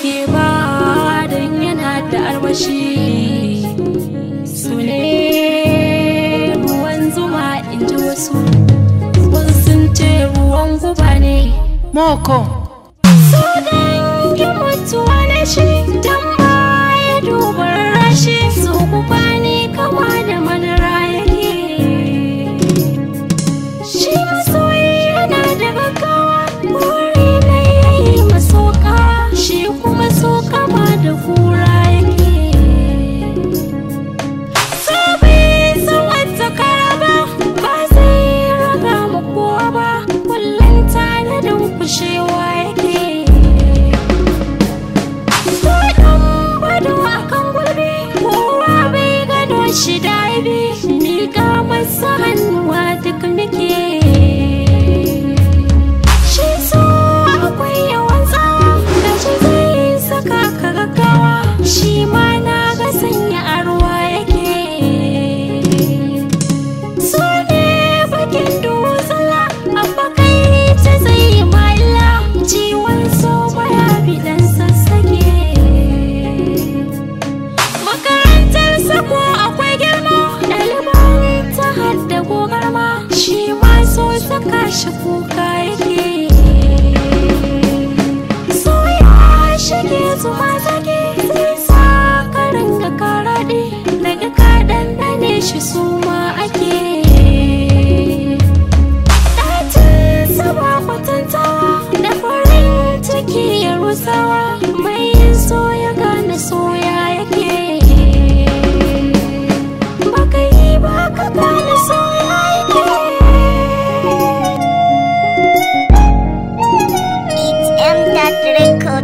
ke ba don yana da armashi su ne ruwan zuma in ji wasu wasu sun ce ruwan guba ne moko 我们。shi kuka yake soya shige zuma zage sai sa ka ringa karaɗe daga ka dandane shi suma ake ɗaci zuba kwatantawa da farin ciki ya rusawa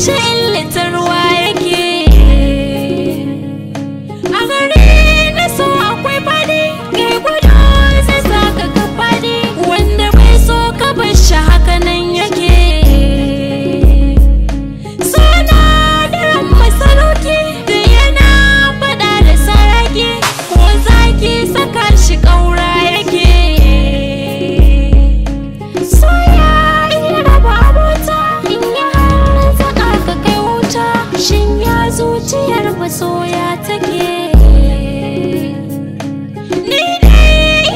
谁？masoya take ni ne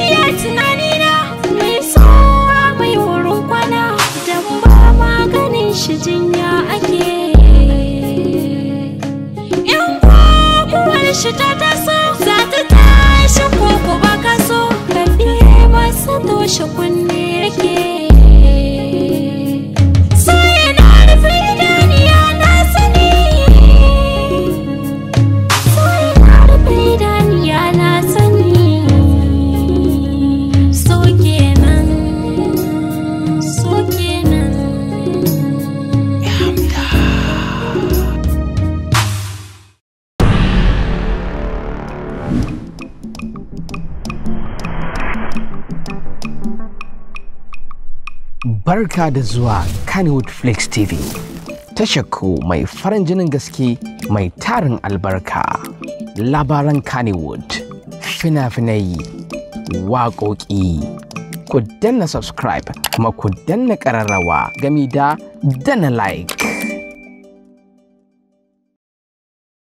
iya tunani na mai tsawa mai wurin kwana da ba maganin shi jinya ake yan kwakwar shi ta taso za ta tashi ko ku ba ka so kan masa toshe kunne yake Barka da zuwa Kannywood flex TV. Tashakku mai farin jinin gaske mai tarin albarka. Labaran Kannywood, fina-finai, waƙoƙi. Ku danna subscribe kuma ku danna ƙararrawa gami da danna like.